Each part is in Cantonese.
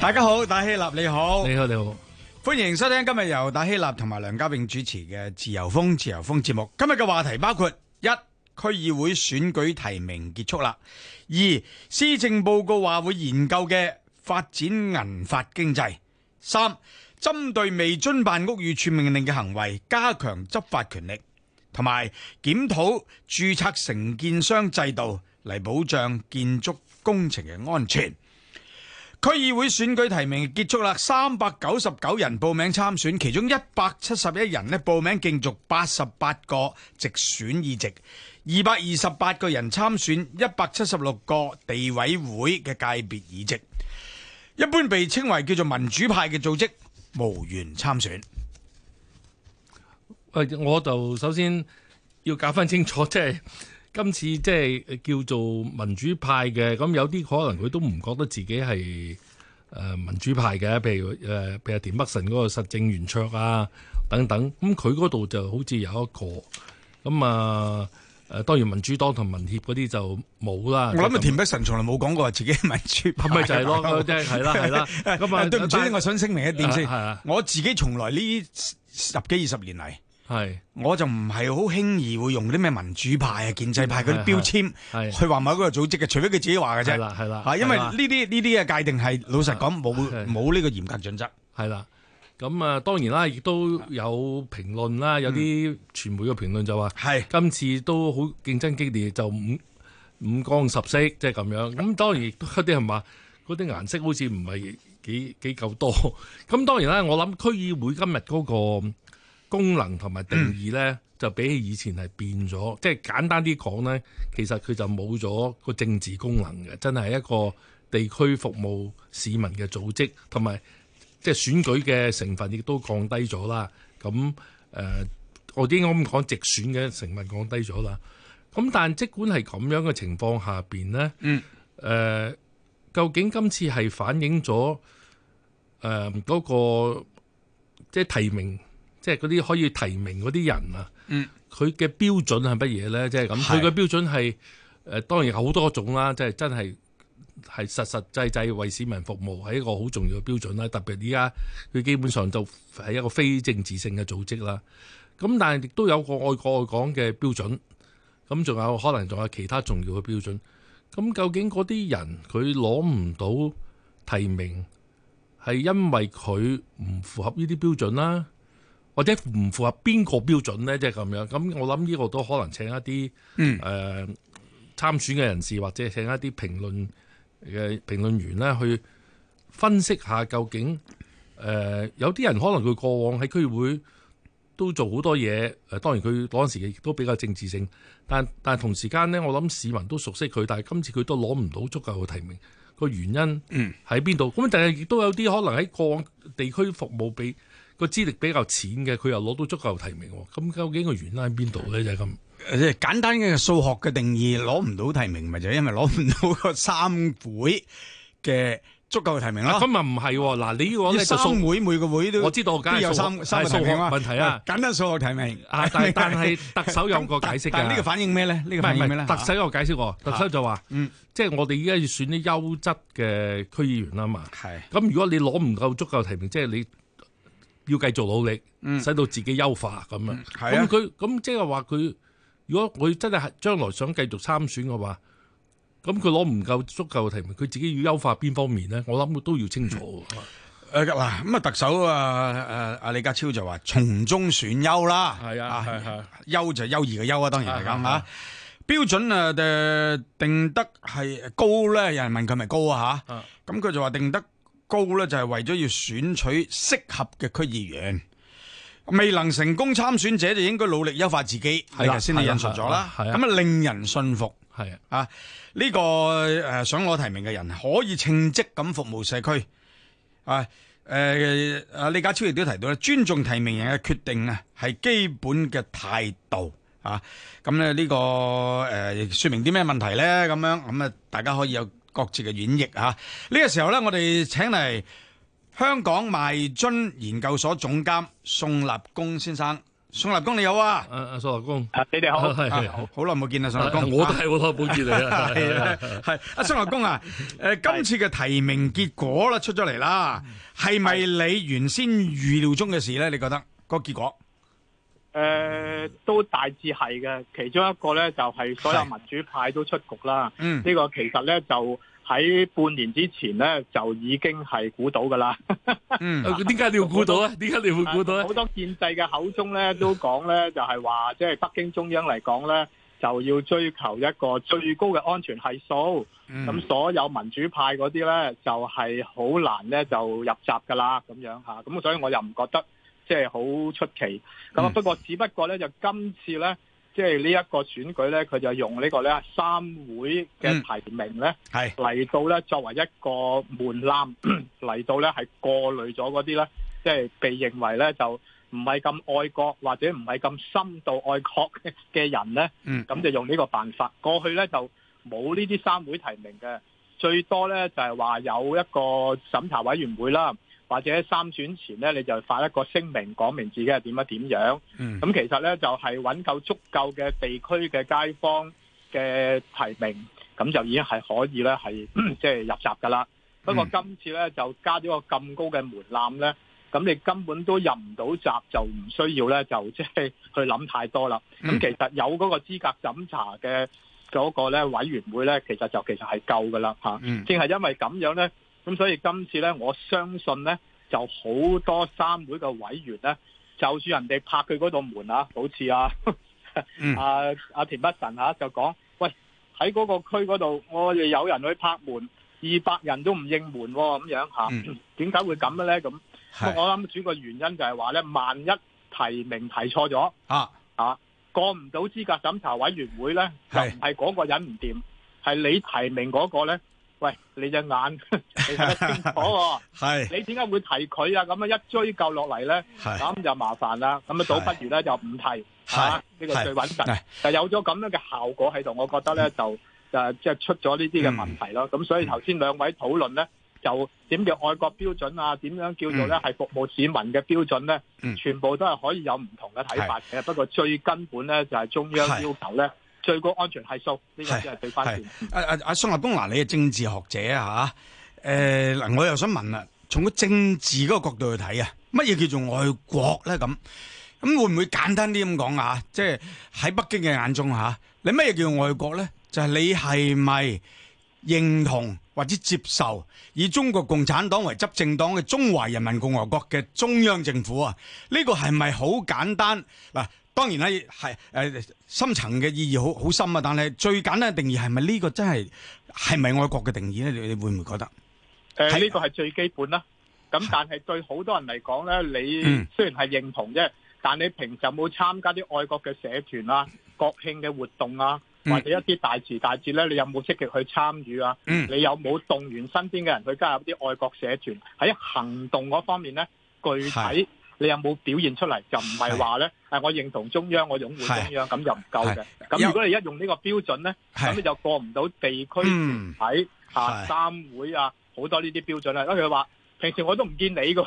大家好，大希臘，你好，你好你好，歡迎收聽今日由大希臘同埋梁家榮主持嘅自由風自由風節目。今日嘅話題包括一，區議會選舉提名結束啦，二，施政報告話會研究嘅發展銀髮經濟，三，針對未遵辦屋宇署命令嘅行為加強執法權力，同埋檢討註冊承建商制度嚟保障建築工程嘅安全。區議會選舉提名結束啦，三百九十九人報名參選，其中一百七十一人呢報名競逐八十八個直選議席，二百二十八個人參選一百七十六個地委會嘅界別議席，一般被稱為叫做民主派嘅組織無緣參選。誒，我就首先要搞翻清楚即係。就是今次即係叫做民主派嘅，咁有啲可能佢都唔覺得自己係誒民主派嘅，譬如誒、呃、譬如田北辰嗰個實政圓桌啊等等，咁佢嗰度就好似有一個，咁啊誒當然民主黨同民協嗰啲就冇啦。我諗啊田北辰從來冇講過自己係民主派，咪就係咯，即係係啦。咁啊對唔住，對對我想聲明一點先，啊啊、我自己從來呢十幾二十年嚟，係，是我就唔係好輕易會用啲咩民主派啊、建制派嗰啲標籤去話某個組織嘅，除非佢自己話嘅啫。係啦，係啦，吓，因為呢啲呢啲嘅界定係老實講冇冇呢個嚴格準則。係啦，咁啊，當然啦，亦都有評論啦，有啲傳媒嘅評論就話，係的今次都好競爭激烈，就五五光十色，即係咁樣。咁當然亦都一啲人話，嗰啲顏色好似唔係幾幾夠多。咁 當然啦，我諗區議會今日嗰、個。功能同埋定義呢，就比起以前係變咗，即係、嗯、簡單啲講呢，其實佢就冇咗個政治功能嘅，真係一個地區服務市民嘅組織同埋即係選舉嘅成分亦都降低咗啦。咁誒、呃，我應該咁講直選嘅成分降低咗啦。咁但係，即管係咁樣嘅情況下邊呢，誒、呃，究竟今次係反映咗誒嗰個即係、就是、提名？即係嗰啲可以提名嗰啲人啊，佢嘅、嗯、標準係乜嘢呢？即係咁，佢嘅是標準係誒、呃，當然好多種啦。即、就、係、是、真係係實實際際為市民服務係一個好重要嘅標準啦。特別而家佢基本上就係一個非政治性嘅組織啦。咁但係亦都有個愛國愛港嘅標準，咁仲有可能仲有其他重要嘅標準。咁究竟嗰啲人佢攞唔到提名，係因為佢唔符合呢啲標準啦？或者唔符合邊個標準呢？即係咁樣。咁，我諗呢個都可能請一啲誒、嗯呃、參選嘅人士，或者請一啲評論嘅評論員呢，去分析下究竟誒、呃、有啲人可能佢過往喺區議會都做好多嘢，誒、呃，當然佢嗰陣時亦都比較政治性，但但係同時間呢，我諗市民都熟悉佢，但係今次佢都攞唔到足夠嘅提名，個原因喺邊度？咁、嗯、但係亦都有啲可能喺過往地區服務被。個資歷比較淺嘅，佢又攞到足夠提名，咁究竟個原因喺邊度咧？就係咁。即係簡單嘅數學嘅定義，攞唔到提名咪就係因為攞唔到個三會嘅足夠提名啦。咁咪唔係喎，嗱，你依個三會每個會都我知道，梗係有三三個數學問題啊。簡單數學提名啊，但係特首有個解釋嘅。呢個反映咩咧？呢個反映咩咧？特首有解釋喎，特首就話：即係我哋依家要選啲優質嘅區議員啦嘛。係。咁如果你攞唔夠足夠提名，即係你。要繼續努力，使到自己優化咁、嗯樣嗯、啊！咁佢咁即係話佢，如果佢真係係將來想繼續參選嘅話，咁佢攞唔夠足夠嘅提名，佢自己要優化邊方面咧？我諗佢都要清楚誒嗱，咁啊，特首啊啊啊李家超就話從中選優啦，係啊，係係優就係優異嘅優啊，當然嚟噶吓，標準啊誒定得係高咧，有人問佢咪高啊吓，咁、啊、佢、嗯、就話定得。高咧就係為咗要選取適合嘅區議員，未能成功參選者就應該努力優化自己，係啦，先至引述咗啦，係啊，咁啊令人信服，係的啊，啊、這、呢個誒想攞提名嘅人可以稱職咁服務社區，啊誒、呃，李家超亦都提到咧，尊重提名人嘅決定啊係基本嘅態度啊，咁咧呢個誒、呃、說明啲咩問題咧？咁樣咁啊，大家可以有。各自嘅演繹啊！呢個時候咧，我哋請嚟香港邁臻研究所總監宋立功先生。宋立功，你好啊！誒誒，宋立功，你哋好，係好，好耐冇見啦，宋立功，我都係我阿寶兒嚟啊！係啊，係阿宋立功啊！誒，今次嘅提名結果啦出咗嚟啦，係咪你原先預料中嘅事咧？你覺得個結果？誒、呃，都大致係嘅。其中一個咧，就係、是、所有民主派都出局啦。呢、嗯、個其實咧，就喺半年之前咧，就已經係估到噶啦。 嗯，點解你要估到咧？點解你會估到咧？好多建制嘅口中咧都講咧，就係、是、話，即、就、係、是、北京中央嚟講咧，就要追求一個最高嘅安全係數。咁、嗯、所有民主派嗰啲咧，就係、是、好難咧就入閘噶啦咁樣吓，咁所以我又唔覺得。即係好出奇，咁不過只不過咧，就今次咧，即係呢一個選舉咧，佢就用這個呢個咧三會嘅提名咧，係嚟、嗯、到咧是作為一個門檻嚟到咧，係過濾咗嗰啲咧，即係被認為咧就唔係咁愛國或者唔係咁深度愛國嘅人咧，咁、嗯、就用呢個辦法。過去咧就冇呢啲三會提名嘅，最多咧就係、是、話有一個審查委員會啦。或者三選前咧，你就發一個聲明講明自己係點樣點樣。咁、嗯、其實咧就係揾夠足夠嘅地區嘅街坊嘅提名，咁就已經係可以咧，係即係入閘噶啦。不過今次咧就加咗個咁高嘅門檻咧，咁你根本都入唔到閘，就唔需要咧，就即係去諗太多啦。咁其實有嗰個資格審查嘅嗰個咧委員會咧，其實就其實係夠噶啦吓，正係、嗯、因為咁樣咧。咁所以今次呢，我相信呢就好多三會嘅委員呢，就算人哋拍佢嗰度門啊，好似啊、嗯、啊田北辰啊，就講喂，喺嗰個區嗰度，我哋有人去拍門二百人都唔應門，啊、咁、啊嗯、樣吓點解會咁嘅呢？咁是我諗主要個原因，就係話呢，萬一提名提錯咗啊啊，過唔到資格審查委員會呢，就唔係嗰個人唔掂，係是你提名嗰個呢。喂，你隻眼你睇清楚喎，你點解會提佢啊？咁樣一追究落嚟咧，咁就麻煩啦。咁啊，倒不如咧就唔提，係呢個最穩陣，就有咗咁樣嘅效果喺度，我覺得咧就即係出咗呢啲嘅問題咯。咁所以頭先兩位討論咧，就點叫愛國標準啊？點樣叫做咧係服務市民嘅標準咧？全部都係可以有唔同嘅睇法嘅。不過最根本咧就係中央要求咧。最高安全係數呢個真係對返鍵。阿阿宋立功啊，東你係政治學者啊吓。誒、呃、嗱，我又想問啦，從個政治嗰個角度去睇啊，乜嘢叫做愛國咧？咁咁會唔會簡單啲咁講啊？即係喺北京嘅眼中吓、啊，你乜嘢叫做愛國咧？就係、是、你係咪認同或者接受以中國共產黨為執政黨嘅中華人民共和國嘅中央政府啊？呢、這個係咪好簡單嗱？當然啦，係誒，深層嘅意義好好深啊！但係最簡單嘅定義係咪呢個真係係咪愛國嘅定義咧？你你會唔會覺得？誒、呃，呢個係最基本啦。咁但係對好多人嚟講咧，是你雖然係認同啫，嗯、但你平時有冇參加啲愛國嘅社團啊、國慶嘅活動啊，嗯、或者一啲大時大節咧，你有冇積極去參與啊？嗯、你有冇動員身邊嘅人去加入啲愛國社團？喺行動嗰方面咧，具體。你有冇表現出嚟？就唔係話咧，我認同中央，我擁護中央，咁就唔夠嘅。咁是如果你一用呢個標準咧，咁是你就過唔到地區喺啊、嗯、三會啊好的多呢啲標準咧，因為佢話平時我都唔見你個，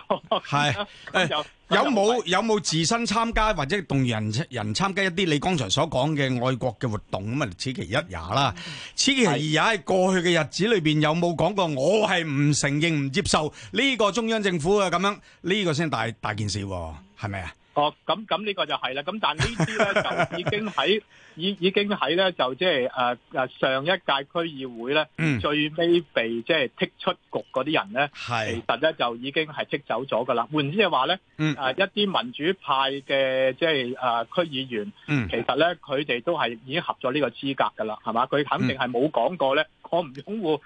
係誒有冇有冇自身參加或者動員人人參加一啲你剛才所講嘅愛國嘅活動咁啊？此其一也啦，嗯、此其二也係過去嘅日子裏邊有冇講過我係唔承認、唔接受呢個中央政府啊咁樣呢，呢個先大大件事，係咪啊？是哦，咁咁呢個就係啦，咁但呢啲咧就已經喺已已經喺咧就即係誒誒上一屆區議會咧最尾被即係剔出局嗰啲人咧，其實咧就已經係剔走咗噶啦。換言之，係話咧誒一啲民主派嘅即係誒區議員，其實咧佢哋都係已經合咗呢個資格噶啦，係嘛？佢肯定係冇講過咧，我唔擁護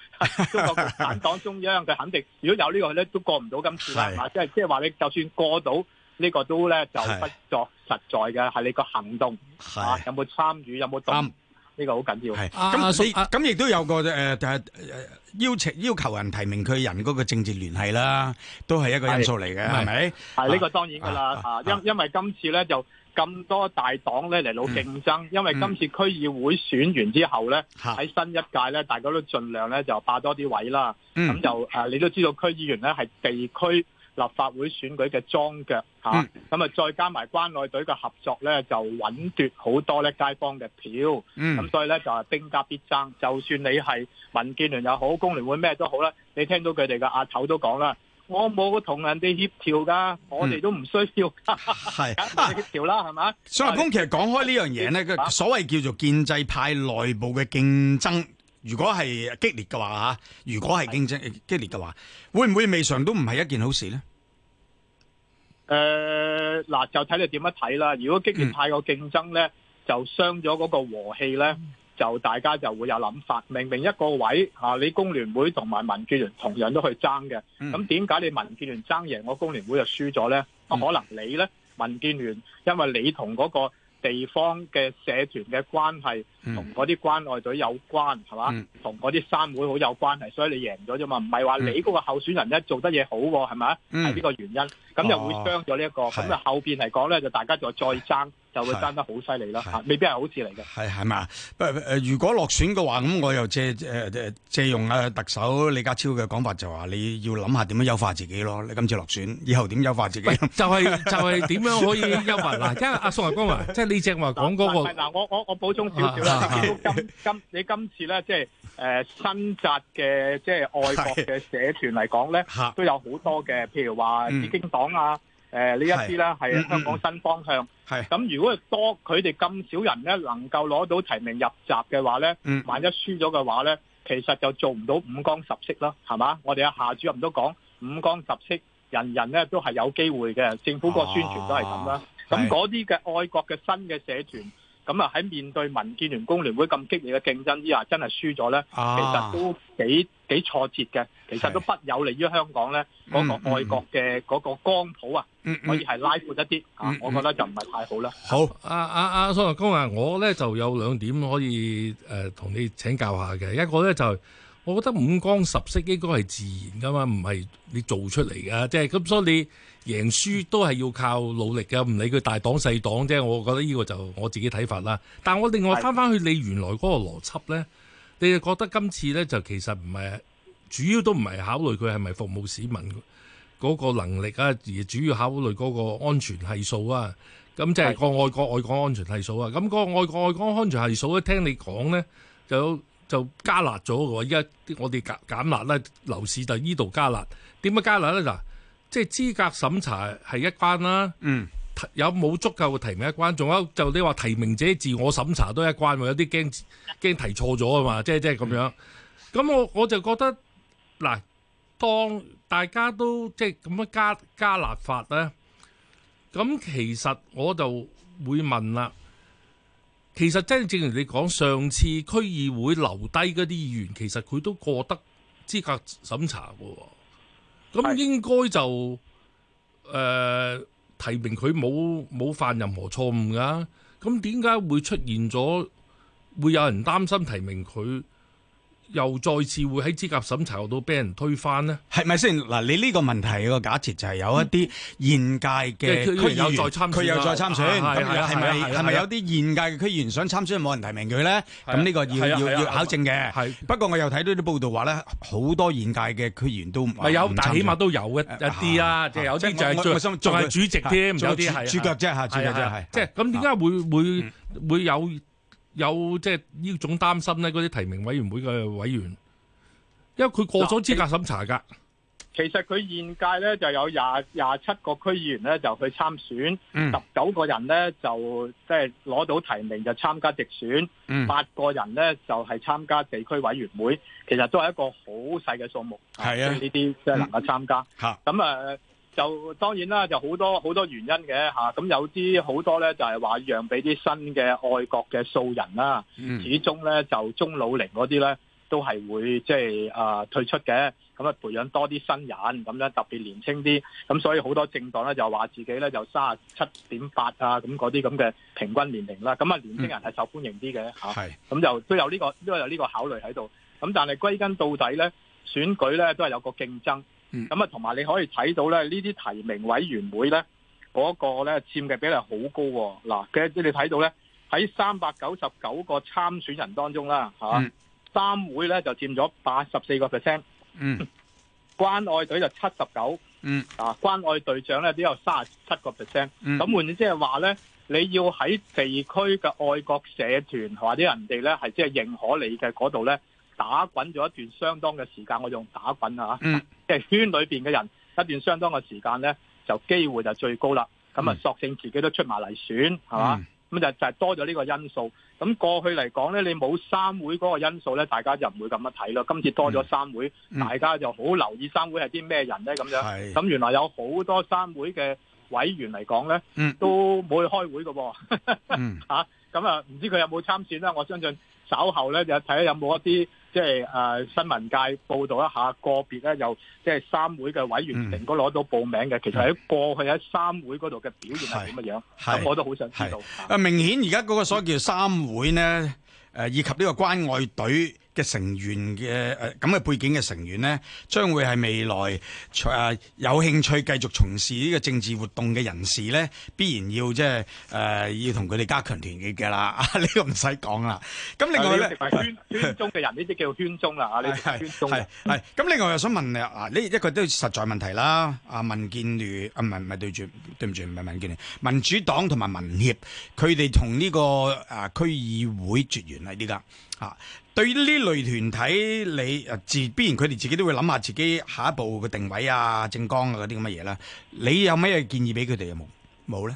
中國共產黨中央，佢肯定如果有呢個咧都過唔到今次啦。即係即係話你就算過到。呢個都咧就不作實在嘅，係你個行動嚇，有冇參與，有冇動？呢個好緊要。咁亦都有個誒，要求人提名佢人嗰個政治聯繫啦，都係一個因素嚟嘅，係咪？係呢個當然㗎啦，因因為今次咧就咁多大黨咧嚟到競爭，因為今次區議會選完之後咧，喺新一屆咧，大家都盡量咧就霸多啲位啦。咁就你都知道區議員咧係地區立法會選舉嘅樁腳嚇，咁啊、嗯、再加埋關愛隊嘅合作咧，就穩奪好多咧街坊嘅票。咁、嗯、所以咧就係兵家必爭，就算你係民建聯又好，工聯會咩都好啦。你聽到佢哋嘅阿頭都講啦，我冇同人哋協調噶，我哋都唔需要係協調啦，係嘛、嗯？宋立功，其實講開呢樣嘢呢，個、啊、所謂叫做建制派內部嘅競爭，如果係激烈嘅話嚇，如果係競爭是的激烈嘅話，會唔會未嘗都唔係一件好事咧？誒，嗱、呃、就睇你點樣睇啦。如果激烈派個競爭呢，就傷咗嗰個和氣呢，就大家就會有諗法。明明一個位、啊、你工聯會同埋民建聯同樣都去爭嘅，咁點解你民建聯爭贏，我工聯會就輸咗呢？可能你呢，民建聯因為你同嗰個地方嘅社團嘅關係。同嗰啲關愛隊有關係嘛？同嗰啲三會好有關係，所以你贏咗啫嘛。唔係話你嗰個候選人一做得嘢好係咪？係呢、嗯、個原因，咁又會傷咗呢一個。咁啊、哦哦、後邊嚟講咧，就大家就再，再爭，就會爭得好犀利啦。未必係好事嚟嘅。係係嘛？不如果落選嘅話，咁我又借、呃、借用啊特首李家超嘅講法，就話你要諗下點樣優化自己咯。你今次落選，以後點優化自己？就係、是、就係、是、點樣可以優化？嗱、 啊啊，即阿宋立功即係呢只話講嗰個。嗱，我我我補充少少啦。啊 今今你今次咧、呃，即係誒新紮嘅，即係愛國嘅社團嚟講咧，都有好多嘅，譬如話紫荊黨啊，誒、嗯呃、呢一啲啦，係是香港新方向。咁、嗯、如果多佢哋咁少人咧，能夠攞到提名入閘嘅話咧，嗯、萬一輸咗嘅話咧，其實就做唔到五光十色咯，係嘛？我哋阿夏主任都講五光十色，人人咧都係有機會嘅。政府個宣傳都係咁啦。咁嗰啲嘅愛國嘅新嘅社團。咁啊，喺面對民建聯工聯會咁激烈嘅競爭之下，真係輸咗咧，其實都幾幾挫折嘅。其實都不有利於香港咧嗰個愛國嘅嗰個光譜啊，可以係拉闊一啲啊，我覺得就唔係太好啦。好，阿阿阿宋立功啊，我咧就有兩點可以誒同你請教下嘅，一個咧就。我覺得五光十色應該係自然噶嘛，唔係你做出嚟噶，即係咁。所以你贏輸都係要靠努力噶，唔理佢大黨細黨啫。我覺得呢個就我自己睇法啦。但係我另外返返去你原來嗰個邏輯呢，你就覺得今次呢就其實唔係主要都唔係考慮佢係咪服務市民嗰個能力啊，而主要考慮嗰個安全係數啊。咁即係個外國是外國安全係數啊。咁個外國外國安全係數咧、啊，聽你講呢。就就加辣咗喎，依家我哋減減辣啦，樓市就依度加辣。點樣加辣咧？嗱，即係資格審查係一關啦、啊，嗯、有冇足夠嘅提名一關？仲有就你話提名者自我審查都一關喎，有啲驚驚提錯咗啊嘛，即係即係咁樣。咁、嗯、我我就覺得嗱，當大家都即係咁樣加加辣法咧，咁其實我就會問啦。其實真正，正如你講，上次區議會留低嗰啲議員，其實佢都過得資格審查喎。咁應該就誒、呃、提名佢冇冇犯任何錯誤㗎？咁點解會出現咗會有人擔心提名佢？又再次會喺資格審查度俾人推翻呢，係咪先嗱？你呢個問題個假設就係有一啲現屆嘅區議員佢又再參選，咁係咪係咪有啲現屆嘅區議員想參選冇人提名佢咧？咁呢個要要要考證嘅。不過我又睇到啲報道話咧，好多現屆嘅區議員都唔係有，但起碼都有一啲啊，即係有啲就仲仲係主席添，有啲主角啫嚇，主角啫，即係咁點解會會會有？有即係呢種擔心咧，嗰啲提名委員會嘅委員，因為佢過咗資格審查㗎。其實佢現屆咧就有廿廿七個區議員咧就去參選，十九、嗯、個人咧就即係攞到提名就參加直選，八、嗯、個人咧就係、是、參加地區委員會，其實都係一個好細嘅數目。係啊，呢啲即係能夠參加。嚇、嗯，咁誒。呃就當然啦，就好多好多原因嘅嚇，咁、啊、有啲好多咧就係、是、話讓俾啲新嘅愛國嘅素人啦、啊。嗯、始終咧就中老齡嗰啲咧都係會即係啊退出嘅，咁啊培養多啲新人咁樣特別年輕啲，咁所以好多政黨咧就話自己咧就卅七點八啊咁嗰啲咁嘅平均年齡啦，咁啊年青人係受歡迎啲嘅嚇，咁、嗯啊、就都有呢、呢個都有呢個考慮喺度。咁但係歸根到底咧，選舉咧都係有個競爭。咁啊，同埋、嗯、你可以睇到咧，呢啲提名委員會咧，嗰個咧佔嘅比例好高喎。嗱，嘅你睇到咧，喺三百九十九個參選人當中啦，嚇三會咧就佔咗八十四個 percent，嗯，關愛隊就七十九，嗯，啊關愛隊長咧都有三十七個 percent，咁換言之係話咧，你要喺地區嘅愛國社團，或者人哋咧係即係認可你嘅嗰度咧。打滾咗一段相當嘅時間，我用打滾啦、啊、即係、嗯、圈裏面嘅人一段相當嘅時間呢，就機會就最高啦。咁啊、嗯，就索性自己都出埋嚟選係嘛？咁就、嗯、就多咗呢個因素。咁過去嚟講呢，你冇三會嗰個因素呢，大家就唔會咁樣睇咯。今次多咗三會，嗯、大家就好留意三會係啲咩人呢？咁樣。咁是原來有好多三會嘅委員嚟講呢，嗯、都冇去開會㗎喎。咁啊，唔、 嗯啊、知佢有冇參選呢？我相信稍後呢，就睇下有冇一啲。即係誒、呃、新聞界報道一下個呢，個別咧又即係三會嘅委員，成功攞到報名嘅，嗯、其實喺過去喺三會嗰度嘅表現係點嘅樣，咁是我都好想知道。誒但明顯而家嗰個所謂叫三會咧，誒、呃、以及呢個關愛隊。嘅成員嘅誒咁嘅背景嘅成員呢，將會係未來誒、呃、有興趣繼續從事呢個政治活動嘅人士呢，必然要即係誒要同佢哋加強團結嘅啦。呢、啊呢個唔使講啦。咁另外咧，你圈圈中嘅人呢啲 叫做圈中啦嚇。係係係。咁 另外又想問你啊，呢、呢、一個都實在問題啦。啊，民建聯啊，唔係唔係對住對唔住，唔係民建聯，民主黨同埋民協，佢哋同呢個啊區議會絕緣係呢噶嚇。啊。對於呢類團體，你自必然佢哋自己都會諗下自己下一步嘅定位啊、政綱啊嗰啲咁嘅嘢啦。你有咩建議俾佢哋有冇？冇咧。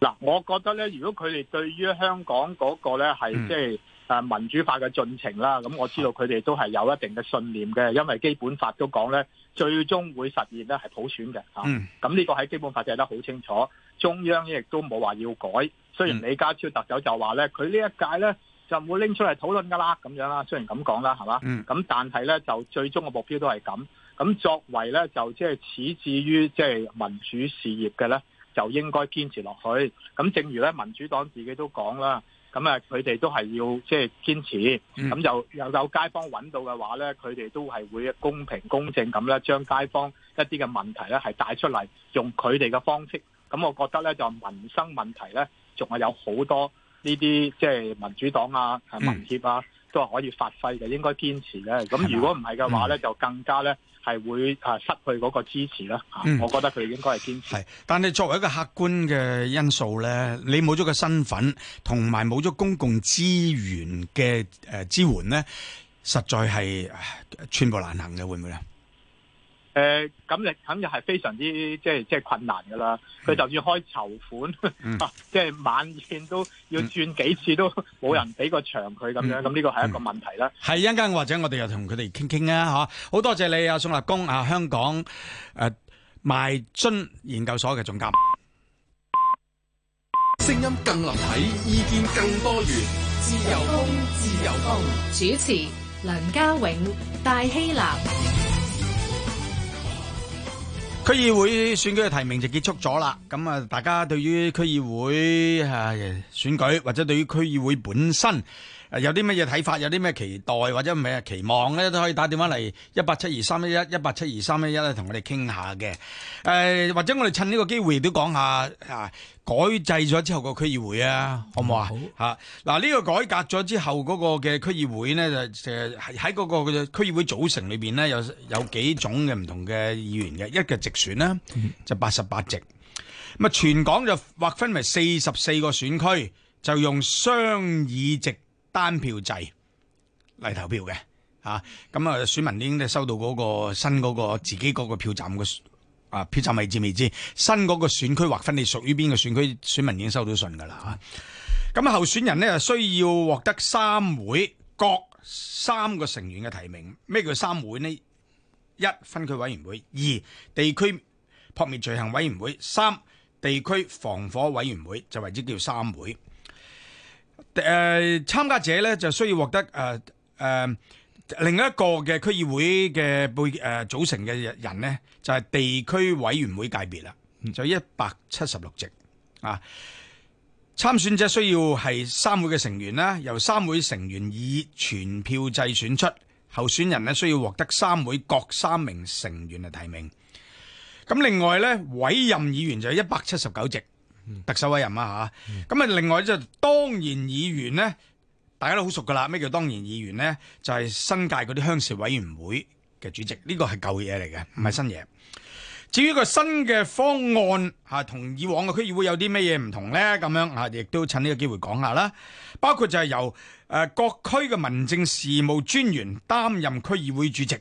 嗱，我覺得咧，如果佢哋對於香港嗰個咧係即係啊民主化嘅進程啦，咁我知道佢哋都係有一定嘅信念嘅，因為基本法都講咧，最終會實現咧係普選嘅嚇。咁呢、嗯啊、個喺基本法寫得好清楚，中央亦都冇話要改。雖然李家超特首就話咧，佢呢一屆咧。就唔會拎出嚟討論噶啦，咁樣啦，雖然咁講啦，係嘛？咁、mm. 但係咧，就最終嘅目標都係咁。咁作為咧，就即係始至於即係民主事業嘅咧，就應該堅持落去。咁正如咧，民主黨自己都講啦，咁誒，佢哋都係要即係堅持。咁又又有街坊揾到嘅話咧，佢哋都係會公平公正咁咧，將街坊一啲嘅問題咧，係帶出嚟用佢哋嘅方式。咁我覺得咧，就民生問題咧，仲係有好多。呢啲即係民主黨啊、民協啊，嗯、都係可以發揮嘅，應該堅持咧。咁嗎如果唔係嘅話咧，嗯、就更加咧係會啊失去嗰個支持啦。嗯、我覺得佢哋應該係堅持。係，但係作為一個客觀嘅因素咧，你冇咗個身份，同埋冇咗公共資源嘅誒支援咧，實在係寸步難行嘅，會唔會咧？誒，咁亦咁亦係非常之即係即係困難噶啦。佢就算開籌款，嗯、呵呵即係晚宴都要轉幾次都冇、嗯、人俾個場佢咁樣，咁呢個係一個問題啦。係一陣間或者我哋又同佢哋傾傾啊，吓好多謝你啊宋立功啊香港誒邁、啊、臻研究所嘅總監。聲音更立體，意見更多元，自由風，自由風。主持：梁家永、戴希立。區議會選舉嘅提名就結束咗啦，咁啊，大家對於區議會誒選舉或者對於區議會本身。誒，有啲乜嘢睇法？有啲咩期待或者唔係期望咧，都可以打電話嚟一八七二三一一一八七二三一一咧，同我哋傾下嘅。誒，或者我哋趁呢個機會亦都講下啊，改制咗之後個區議會啊，好唔好啊？嚇嗱，呢個改革咗之後嗰個嘅區議會咧，就誒喺嗰個嘅區議會組成裏邊咧，有有幾種嘅唔同嘅議員嘅，一個直選啦就八十八席，咁啊，全港就劃分為四十四個選區，就用雙議席。單票制嚟投票嘅，啊，咁啊選民已經咧收到嗰個新嗰個自己嗰個票站嘅啊票站未知未知，新嗰個選區劃分你屬於邊個選區，選民已經收到信噶啦，吓、啊，咁候選人呢，需要獲得三會各三個成員嘅提名，咩叫三會呢？一分區委員會，二地區撲滅罪行委員會，三地區防火委員會，就為之叫三會。誒，參、呃、加者呢就需要獲得誒誒、呃呃，另一個嘅區議會嘅背誒、呃、組成嘅人呢就係、是、地區委員會界別啦，就一百七十六席啊。參選者需要係三會嘅成員啦，由三會成員以全票制選出候選人呢需要獲得三會各三名成員嚟提名。咁另外呢委任議員就一百七十九席。特首委任啊吓，咁啊，嗯、另外就係、當然議員咧，大家都好熟噶啦咩叫當然議員咧？就係、是、新界嗰啲鄉事委員會嘅主席，呢個係舊嘢嚟嘅，唔係新嘢。嗯、至於個新嘅方案吓，同、啊、以往嘅區議會有啲咩嘢唔同咧？咁樣啊，亦都趁呢個機會講下啦。包括就係由誒、呃、各區嘅民政事務專員擔任區議會主席。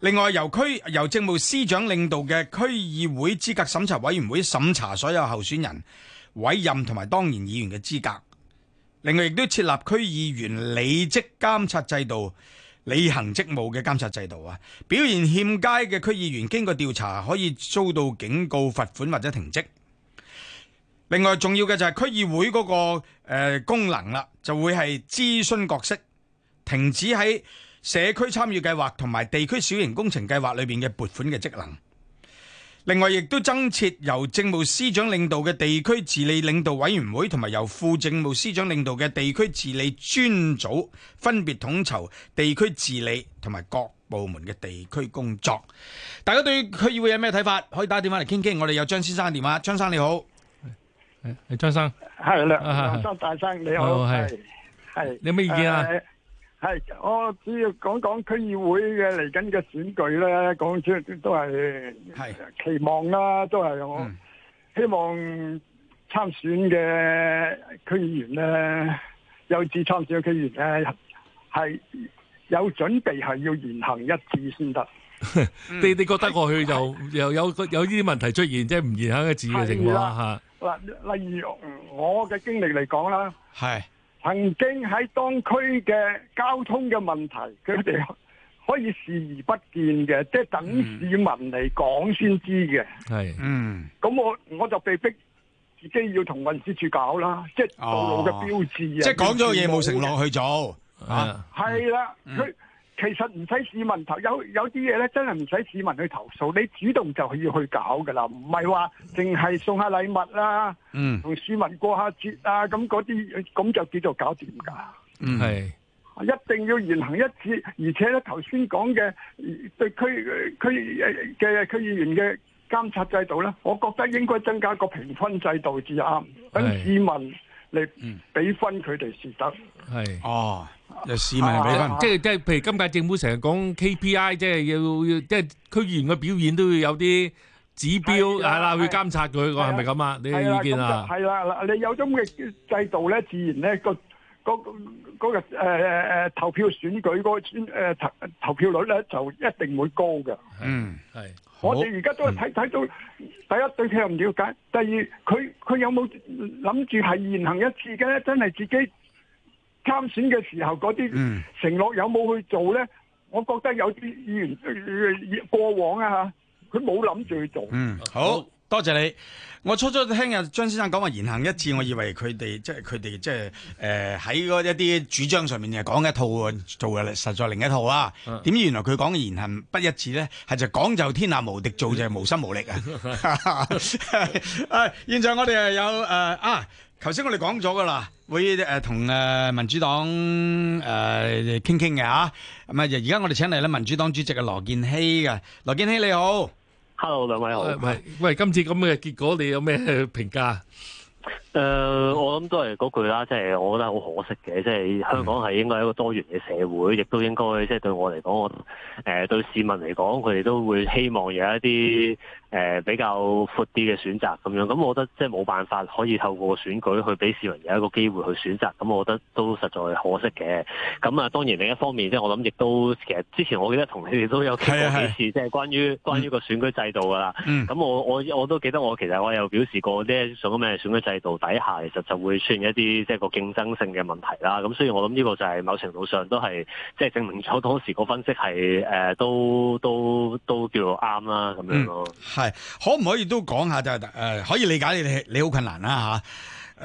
另外，由區由政務司長領導嘅區議會資格審查委員會審查所有候選人、委任同埋當然議員嘅資格。另外，亦都設立區議員履職監察制度、履行職務嘅監察制度啊。表現欠佳嘅區議員經過調查，可以遭到警告、罰款或者停職。另外，重要嘅就係區議會嗰、那個誒、呃、功能啦，就會係諮詢角色，停止喺。社區參與計劃同埋地區小型工程計劃裏邊嘅撥款嘅職能，另外亦都增設由政務司長領導嘅地區治理領導委員會，同埋由副政務司長領導嘅地區治理專組，分別統籌地區治理同埋各部門嘅地區工作。大家對區議會有咩睇法？可以打電話嚟傾傾。我哋有張先生嘅電話，張生你好，係，係張生，係啦、啊，張大生、啊、張生你好，係、啊，係，你有咩意見啊？係，我主要講講區議會嘅嚟緊嘅選舉咧，講出都係期望啦、啊，都係我希望參選嘅區議員咧，有志參選嘅區議員咧，係有準備係要言行一致先得。你、嗯、 你覺得過去就又有有呢啲問題出現，即係唔言行一致嘅情況吓？嗱，例如我嘅經歷嚟講啦，係。曾經喺當區嘅交通嘅問題，佢哋可以視而不見嘅，即係等市民嚟講先知嘅。係、嗯嗯，嗯，咁我我就被逼自己要同運輸處搞啦，即係道路嘅標誌啊。即係講咗嘢冇承諾去做啊，係啦，其實唔使市民投，有有啲嘢咧真係唔使市民去投訴，你主動就要去搞噶啦，唔係話淨係送下禮物啦、啊，同、嗯、市民過下節啊，咁嗰啲咁就叫做搞掂噶。嗯係，一定要言行一致，而且咧頭先講嘅對區區嘅區議員嘅監察制度咧，我覺得應該增加個評分制度至啱，等市民。你俾分佢哋先得，係哦，市民俾分，即係即係，譬如今屆政府成日講 KPI，即係要要，即係區議員嘅表現都要有啲指標，係啦，去監察佢，係咪咁啊？你嘅意見啊？係啦，你有咁嘅制度咧，自然咧個。那個、那個誒誒誒投票選舉嗰、那個選誒投、呃、投票率咧就一定會高嘅。嗯，係。我哋而家都係睇睇到第一對佢唔了解，第二佢佢有冇諗住係言行一致嘅咧？真係自己參選嘅時候嗰啲承諾有冇去做咧？嗯、我覺得有啲議員過往啊，佢冇諗住去做。嗯，好。多謝你。我初初聽日張先生講話言行一致，我以為佢哋即係佢哋即係誒喺嗰一啲主張上面係講一套，做嘅實在另一套啊。點知原來佢講嘅言行不一致咧，係就講就天下無敵，做就無心無力 啊！誒、呃啊，現在我哋有誒啊，頭先我哋講咗噶啦，會誒同誒民主黨誒傾傾嘅吓，咁啊而家我哋請嚟咧民主黨主席嘅羅健熙嘅，羅健熙你好。Hello，兩位好。喂，今次咁嘅結果，你有咩評價？誒、呃，我諗都係嗰句啦，即係我覺得好可惜嘅，即係香港係應該一個多元嘅社會，亦都應該即係對我嚟講，我誒、呃、對市民嚟講，佢哋都會希望有一啲誒、嗯呃、比較闊啲嘅選擇咁樣。咁、嗯、我覺得即係冇辦法可以透過選舉去俾市民有一個機會去選擇，咁、嗯、我覺得都實在可惜嘅。咁、嗯、啊，當然另一方面即係我諗，亦都其實之前我記得同你哋都有傾過幾次，是是即係關於關於個選舉制度㗎啦。咁、嗯嗯、我我我都記得我其實我有表示過啲咩選舉制度。底下，其實就會出現一啲即係個競爭性嘅問題啦。咁所以我諗呢個就係某程度上都係即係證明咗當時個分析係誒、呃、都都都叫做啱啦咁樣咯。係、嗯，可唔可以都講下？就、呃、誒可以理解你你好困難啦嚇。誒、啊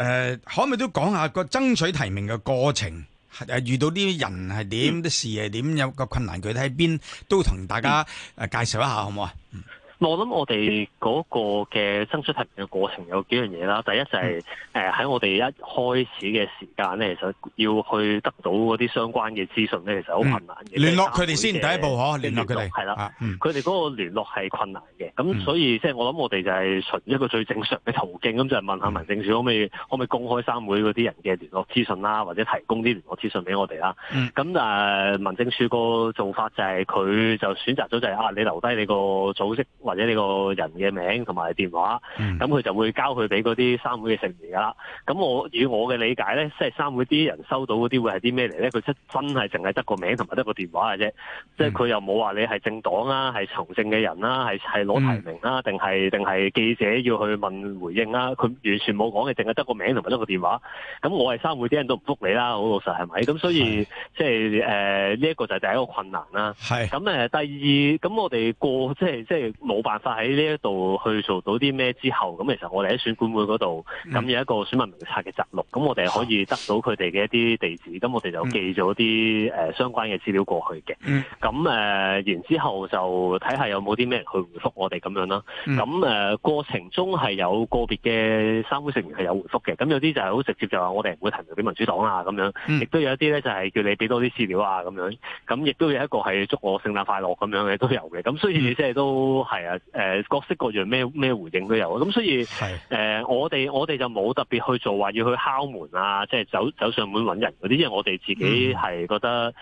呃、可唔可以都講下個爭取提名嘅過程係、啊、遇到啲人係點、啲、嗯、事係點、有個困難具體喺邊，哪都同大家誒、嗯、介紹一下好唔好啊？嗯我諗我哋嗰個嘅爭取提名嘅過程有幾樣嘢啦，第一就係誒喺我哋一開始嘅時間咧，其實要去得到嗰啲相關嘅資訊咧，其實好困難嘅。聯、嗯、絡佢哋先第一步，嗬，聯絡佢哋，係啦，佢哋嗰個聯絡係困難嘅，咁所以即係我諗我哋就係循一個最正常嘅途徑，咁就係問下民政署可唔可以、嗯、可唔可以公開三會嗰啲人嘅聯絡資訊啦，或者提供啲聯絡資訊俾我哋啦。咁但誒民政署個做法就係、是、佢就選擇咗就係、是、啊，你留低你個組織。或者呢個人嘅名同埋電話，咁佢、嗯、就會交佢俾嗰啲三會嘅成員㗎啦。咁我以我嘅理解咧，即、就、係、是、三會啲人收到嗰啲會係啲咩嚟咧？佢真真係淨係得個名同埋得個電話嘅啫。嗯、即係佢又冇話你係政黨啊，係從政嘅人啦、啊，係係攞提名啦、啊，定係定係記者要去問回應啦、啊。佢完全冇講嘅，淨係得個名同埋得個電話。咁我係三會啲人都唔復你啦，好老實係咪？咁所以是即係誒呢一個就係第一個困難啦、啊。係咁誒，第二咁我哋過即係即係冇。冇辦法喺呢一度去做到啲咩之後，咁其實我哋喺選管會嗰度，咁有一個選民名冊嘅摘錄，咁我哋可以得到佢哋嘅一啲地址，咁我哋就寄咗啲誒相關嘅資料過去嘅。咁誒、呃，然之後就睇下有冇啲咩人去回覆我哋咁樣啦。咁誒、呃、過程中係有個別嘅三會成員係有回覆嘅，咁有啲就係好直接，就話我哋唔會提名俾民主黨啊咁樣，亦都、嗯、有一啲咧就係叫你俾多啲資料啊咁樣，咁亦都有一個係祝我聖誕快樂咁樣嘅都有嘅。咁所以即係都係啊。誒，各式各樣咩咩回應都有啊，咁所以係誒，我哋我哋就冇特別去做話要去敲門啊，即係走走上門揾人嗰啲，因為我哋自己係覺得。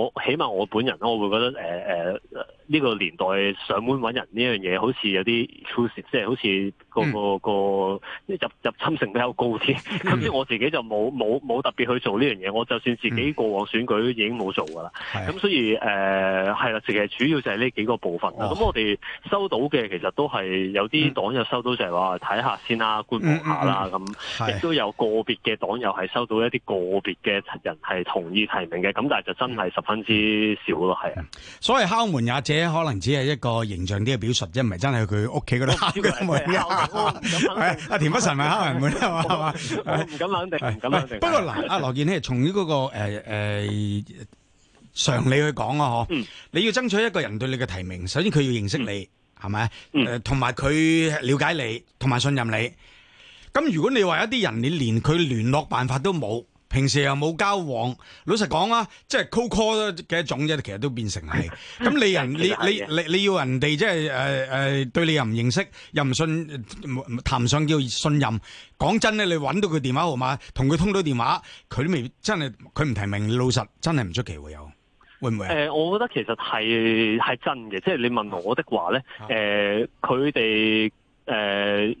我起碼我本人我會覺得誒誒呢個年代上門揾人呢樣嘢，即係、好似有啲即係好似個、嗯、個個入入侵性比較高啲。咁、嗯、我自己就冇冇冇特別去做呢樣嘢，我就算自己過往選舉已經冇做噶啦。咁、嗯、所以誒係啦，其、呃、實主要就係呢幾個部分啦。咁、哦、我哋收到嘅其實都係有啲黨友收到就係話睇下先啦、啊，觀望下啦咁，亦都有個別嘅黨友係收到一啲個別嘅人係同意提名嘅，咁但係就真係十。好少咯，係啊！所謂敲門也者，可能只係一個形象啲嘅表述啫，唔係真係佢屋企嗰度敲門。阿田北辰咪敲門妹咯，係嘛？唔敢肯定，唔敢肯定。不過嗱，阿羅健熙，從呢嗰個誒誒常理去講啊，嗬，你要爭取一個人對你嘅提名，首先佢要認識你，係咪？誒，同埋佢了解你，同埋信任你。咁如果你話一啲人，你連佢聯絡辦法都冇。平時又冇交往，老實講啊，即係 cold call 嘅一種啫，其實都變成係。咁 你人你你你你要人哋即係誒誒對你又唔認識，又唔信，談上叫信任。講真咧，你揾到佢電話號碼，同佢通到電話，佢都未真係佢唔提名，你老實真係唔出奇會有，會唔會？誒，我覺得其實係係真嘅，即係你問我嘅話咧，誒，佢哋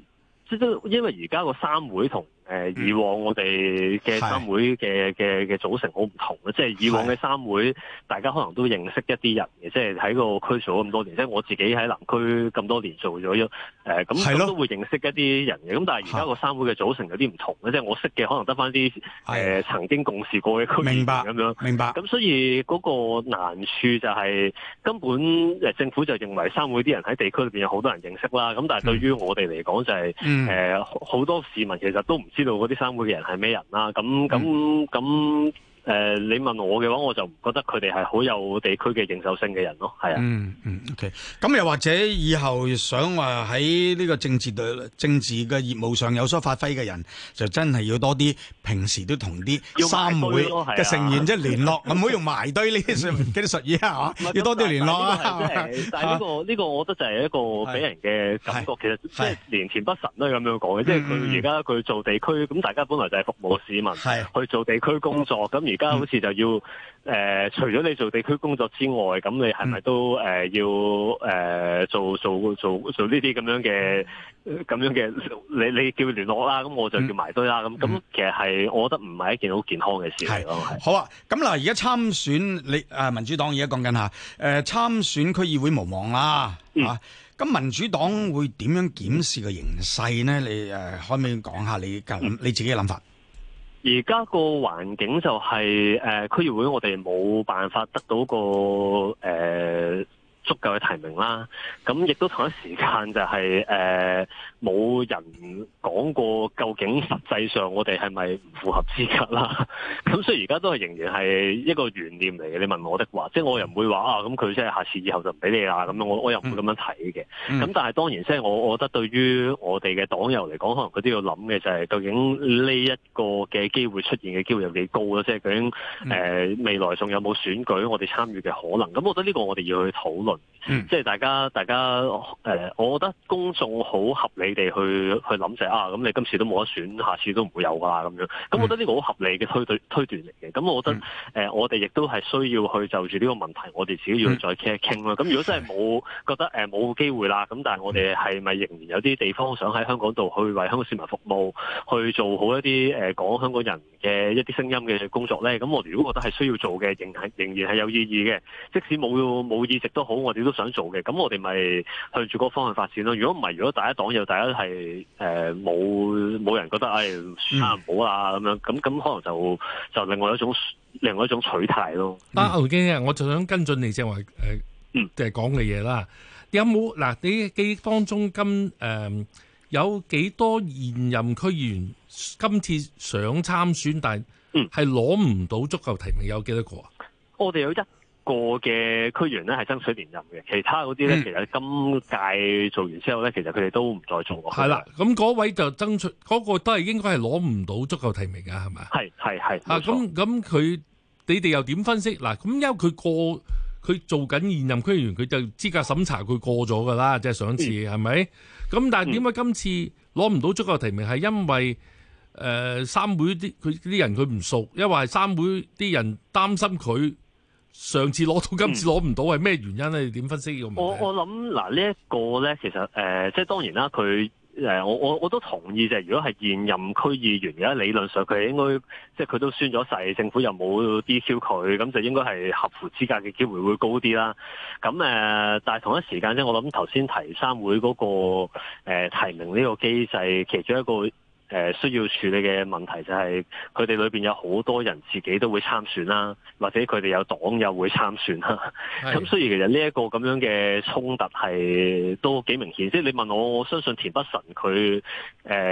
即都因為而家個三會同。誒以往我哋嘅三會嘅嘅嘅組成好唔同，即係、就是、以往嘅三會是大家可能都認識一啲人嘅，即係喺個區做咗咁多年，即、就、係、是、我自己喺南區咁多年做咗，咗、呃，咁咁的都會認識一啲人嘅。咁但係而家個三會嘅組成有啲唔同嘅，即、就、係、是、我識嘅可能得翻啲誒曾經共事過嘅區議員咁樣。明白。樣明白。咁所以嗰個難處就係、是、根本誒政府就認為三會啲人喺地區裏邊有好多人認識啦。咁但係對於我哋嚟講就係誒好多市民其實都唔。知道嗰啲三個嘅人係咩人啦，咁咁咁。誒，你問我嘅話，我就唔覺得佢哋係好有地區嘅認受性嘅人咯，係啊。嗯嗯，OK。咁又或者以後想話喺呢個政治對政治嘅業務上有所發揮嘅人，就真係要多啲平時都同啲三會嘅成員即係聯絡，唔好用埋堆呢啲術呢啲術語，要多啲聯絡啊。但係呢個呢個我覺得就係一個俾人嘅感覺，其實即係連前不神田北辰都係咁樣講嘅，即係佢而家佢做地區，咁大家本來就係服務市民，去做地區工作，咁而。而家好似就要誒、呃，除咗你做地區工作之外，咁你係咪都誒要誒做做做做呢啲咁樣嘅咁、嗯、樣嘅？你你叫聯絡啦，咁我就叫埋堆啦。咁咁、嗯、其實係，嗯、我覺得唔係一件好健康嘅事咯。是是好啊，咁嗱，而家參選你啊、呃，民主黨而家講緊嚇誒，參選區議會無望啦、啊、嚇。咁、嗯啊、民主黨會點樣檢視個形勢呢？你可唔、呃、可以講下你你自己嘅諗法。而家個環境就係誒，區議會我哋冇辦法得到個誒，呃足夠嘅提名啦，咁亦都同一時間就係誒冇人講過究竟實際上我哋係咪唔符合資格啦？咁 所以而家都係仍然係一個懸念嚟嘅。你問我的話，即係我又唔會話啊，咁佢即係下次以後就唔俾你啦。咁我我又唔會咁樣睇嘅。咁、嗯嗯、但係當然即係我我覺得對於我哋嘅黨友嚟講，可能佢都要諗嘅就係、是、究竟呢一個嘅機會出現嘅機會有幾高啦，即係究竟、呃、未來仲有冇選舉我哋參與嘅可能？咁我覺得呢個我哋要去討論。嗯、即係大家，大家誒、呃，我覺得公眾好合理地去去諗就啊，咁你今次都冇得選，下次都唔會有㗎啦，咁樣。咁我覺得呢個好合理嘅推，推斷推斷嚟嘅。咁我覺得誒、嗯呃，我哋亦都係需要去就住呢個問題，我哋自己要再傾一傾啦。咁、嗯、如果真係冇覺得誒冇、呃、機會啦，咁但係我哋係咪仍然有啲地方想喺香港度去為香港市民服務，去做好一啲誒、呃、講香港人嘅一啲聲音嘅工作咧？咁我如果覺得係需要做嘅，仍係仍然係有意義嘅，即使冇冇意識都好。我哋都想做嘅，咁我哋咪向住嗰個方向發展咯。如果唔係，如果大家黨友大家係冇冇人覺得誒算下唔好啊咁樣，咁咁可能就就另外一種另外一種取態咯。啊、嗯，洪經啊，我就想跟進你正、呃嗯、話誒，即係講嘅嘢啦。有冇嗱？你記憶當中今誒、呃、有幾多現任區議員今次想參選，但係攞唔到足夠提名，有幾多個啊？我哋有啫。過嘅區員咧係爭取連任嘅，其他嗰啲咧其實今屆做完之後咧，嗯、其實佢哋都唔再做。係啦，咁嗰位就爭取嗰、嗰個都係應該係攞唔到足夠提名噶，係咪？係係係啊，咁咁佢你哋又點分析嗱？咁、啊、因為佢過佢做緊現任區員，佢就資格審查佢過咗噶啦，即、就、係、是、上次係咪？咁、嗯、但係點解今次攞唔到足夠提名？係因為誒、呃、三會啲佢啲人佢唔熟，因為係三會啲人擔心佢。上次攞到今次攞唔到，係咩、嗯、原因咧？點分析我我、這個、呢我我諗嗱，呢一個咧，其實誒、呃，即係當然啦，佢誒，我我我都同意啫。如果係現任區議員，而家理論上佢應該即係佢都宣咗誓，政府又冇 DQ 佢，咁就應該係合乎資格嘅機會會高啲啦。咁誒、呃，但係同一時間咧，我諗頭先提三會嗰、那個誒、呃、提名呢個機制其中一個。誒、呃、需要處理嘅問題就係佢哋裏面有好多人自己都會參選啦、啊，或者佢哋有黨友會參選啦、啊。咁雖然其實呢一個咁樣嘅衝突係都幾明顯。即係你問我，我相信田北辰佢誒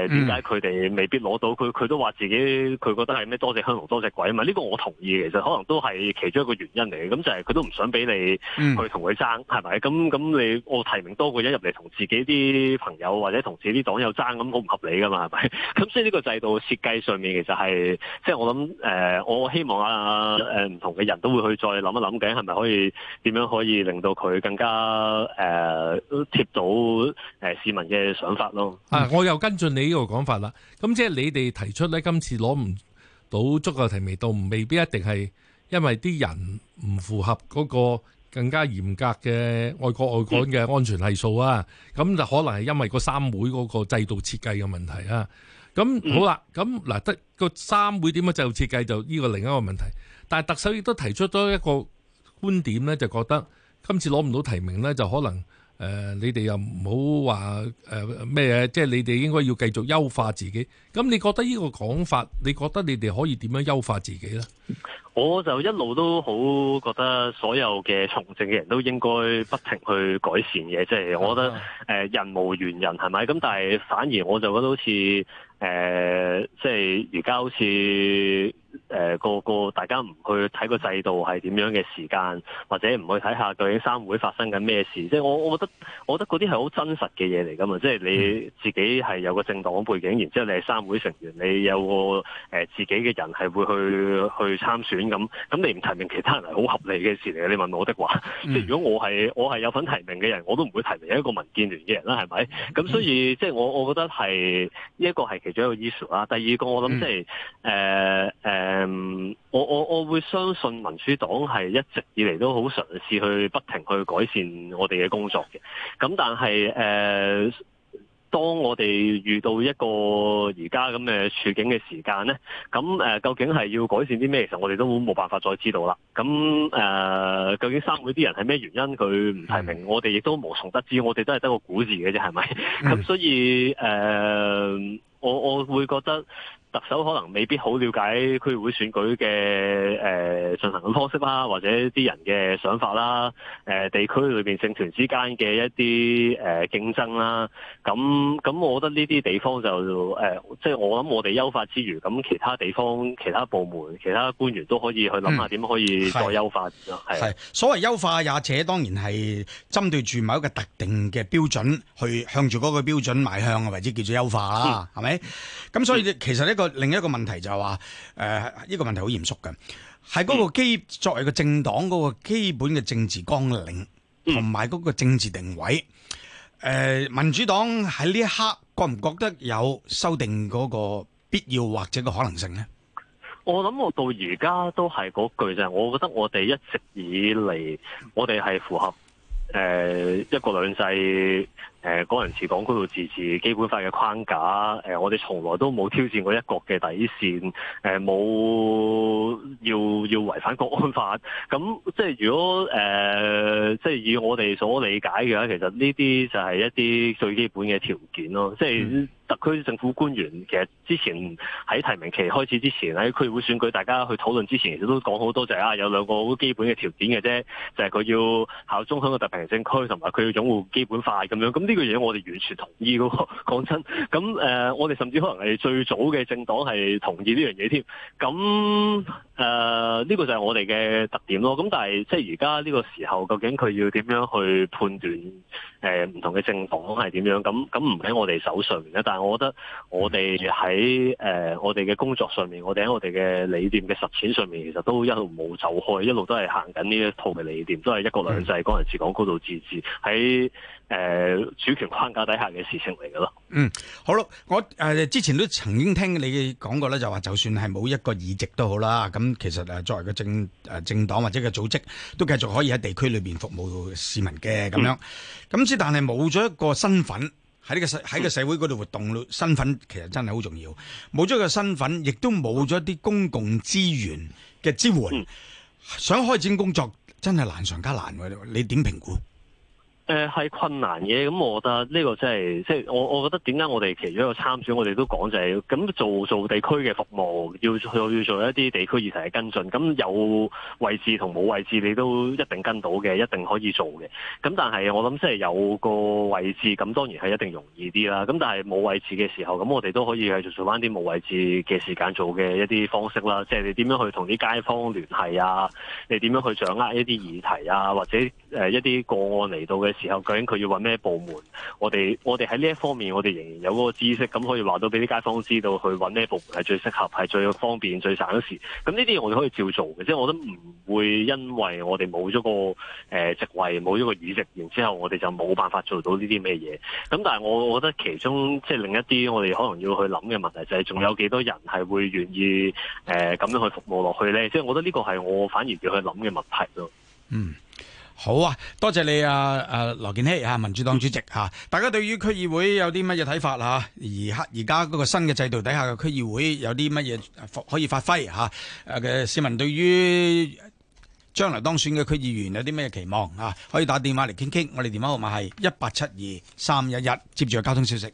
點解佢哋未必攞到？佢佢、嗯、都話自己佢覺得係咩多隻香爐多隻鬼啊嘛？呢、這個我同意，其實可能都係其中一個原因嚟嘅。咁就係佢都唔想俾你去同佢爭，係咪、嗯？咁咁你我提名多個人入嚟同自己啲朋友或者同自己啲黨友爭，咁好唔合理噶嘛？係咪？咁所以呢個制度設計上面其實，係即係我諗誒、呃，我希望啊誒唔、呃、同嘅人都會去再諗一諗，緊係咪可以點樣可以令到佢更加誒、呃、貼到誒、呃、市民嘅想法咯？啊，我又跟進你呢個講法啦。咁即係你哋提出咧，今次攞唔到足夠提微唔未必一定係因為啲人唔符合嗰個更加嚴格嘅愛國愛港嘅安全係數啊。咁就可能係因為個三會嗰個制度設計嘅問題啊。咁好啦，咁嗱得個三會點樣就設計就呢個另一個問題。但係特首亦都提出咗一個觀點咧，就覺得今次攞唔到提名咧，就可能誒你哋又唔好話誒咩嘢，即係你哋應該要繼續優化自己。咁你覺得呢個講法，你覺得你哋可以點樣優化自己咧？我就一路都好覺得所有嘅從政嘅人都應該不停去改善嘅，即係我覺得誒人無完人係咪？咁但係反而我就覺得好似。誒，即係而家好似。誒、呃、個個大家唔去睇個制度係點樣嘅時間，或者唔去睇下究竟三會發生緊咩事？即係我我覺得，我覺得嗰啲係好真實嘅嘢嚟噶嘛！即係你自己係有個政黨背景，然之後你係三會成員，你有個誒、呃、自己嘅人係會去去參選咁。咁你唔提名其他人係好合理嘅事嚟嘅。你問我的話， 即係如果我係我係有份提名嘅人，我都唔會提名一個民建聯嘅人啦，係咪？咁所以即係我我覺得係呢一個係其中一個 issue 啦。第二個我諗即係誒、呃呃誒、嗯，我我我會相信民主黨係一直以嚟都好嘗試去不停去改善我哋嘅工作嘅。咁但係誒、呃，當我哋遇到一個而家咁嘅處境嘅時間咧，咁誒、呃，究竟係要改善啲咩？其實我哋都冇辦法再知道啦。咁誒、呃，究竟三會啲人係咩原因佢唔提名？嗯、我哋亦都無從得知。我哋都係得個估字嘅啫，係咪？咁、嗯、所以誒、呃，我我會覺得。特首可能未必好了解區議會選舉嘅誒進行嘅方式啦，或者啲人嘅想法啦，誒、呃、地區裏邊政團之間嘅一啲誒競爭啦，咁咁，我覺得呢啲地方就誒即係我諗，我哋優化之餘，咁其他地方、其他部門其他官員都可以去諗下點可以再優化。係、嗯、所謂優化也者，也且當然係針對住某一個特定嘅標準去向住嗰個標準邁向，或、就、者、是、叫做優化啦，係咪、嗯？咁所以其實咧、嗯。個另一個問題就係話，誒，呢個問題好嚴肅嘅，係嗰個基作為個政黨嗰個基本嘅政治綱領，同埋嗰個政治定位，誒，民主黨喺呢一刻覺唔覺得有修訂嗰個必要或者個可能性咧？我諗我到而家都係嗰句，就係我覺得我哋一直以嚟，我哋係符合。誒、呃、一國兩制，誒、呃、港人治港、高度自治、基本法嘅框架，誒、呃、我哋從來都冇挑戰過一國嘅底線，誒、呃、冇要要違反國安法。咁即係如果誒、呃，即係以我哋所理解嘅話，其實呢啲就係一啲最基本嘅條件咯，即係特區政府官員其實之前喺提名期開始之前，喺區會選舉大家去討論之前，其實都講好多就係、是、啊，有兩個好基本嘅條件嘅啫，就係、是、佢要效忠香港嘅特別行政區，同埋佢要擁護基本法咁樣。咁、嗯、呢、這個嘢我哋完全同意嘅喎，講真。咁、嗯、誒、呃，我哋甚至可能係最早嘅政黨係同意呢樣嘢添。咁、嗯、誒，呢、呃這個就係我哋嘅特點咯。咁、嗯、但係即係而家呢個時候，究竟佢要點樣去判斷？誒唔、呃、同嘅政黨係點樣？咁咁唔喺我哋手上面嘅，但係我覺得我哋喺誒我哋嘅工作上面，我哋喺我哋嘅理念嘅實踐上面，其實都一路冇走開，一路都係行緊呢一套嘅理念，都係一國兩制，港人治港，講高度自治喺。誒，主權框架底下嘅事情嚟㗎咯。嗯，好咯，我誒、呃、之前都曾經聽你講過咧，就話就算係冇一個議席都好啦，咁其實誒作為一個政誒、呃、政黨或者個組織，都繼續可以喺地區裏邊服務市民嘅咁樣。咁之、嗯、但係冇咗一個身份喺呢個社喺個社會嗰度活動、嗯、身份其實真係好重要。冇咗個身份，亦都冇咗啲公共資源嘅支援，嗯、想開展工作真係難上加難喎。你點評估？誒係、呃、困難嘅，咁我覺得呢個真係即係我我覺得點解我哋其中一個參選我、就是，我哋都講就係咁做做地區嘅服務，要去做做一啲地區議題嘅跟進。咁有位置同冇位置，你都一定跟到嘅，一定可以做嘅。咁但係我諗即係有個位置，咁當然係一定容易啲啦。咁但係冇位置嘅時候，咁我哋都可以繼續做翻啲冇位置嘅時間做嘅一啲方式啦。即、就、係、是、你點樣去同啲街坊聯繫啊？你點樣去掌握一啲議題啊？或者、呃、一啲個案嚟到嘅？時候究竟佢要揾咩部門？我哋我哋喺呢一方面，我哋仍然有嗰個知識，咁可以話到俾啲街坊知道，去揾咩部門係最適合，係最方便、最省時。咁呢啲我哋可以照做嘅，即係我都唔會因為我哋冇咗個誒職位，冇咗個議席，然之後我哋就冇辦法做到呢啲咩嘢。咁但係我我覺得其中即係另一啲我哋可能要去諗嘅問題，就係仲有幾多人係會願意誒咁樣去服務落去咧？即係我覺得呢個係我反而要去諗嘅問題咯。嗯。好啊，多謝你啊，誒、啊，羅健熙啊，民主黨主席啊，大家對於區議會有啲乜嘢睇法啦而而家嗰個新嘅制度底下嘅區議會有啲乜嘢可以發揮吓？誒、啊、市民對於將來當選嘅區議員有啲咩期望啊？可以打電話嚟傾傾，我哋電話號碼係一八七二三一一，11, 接住交通消息。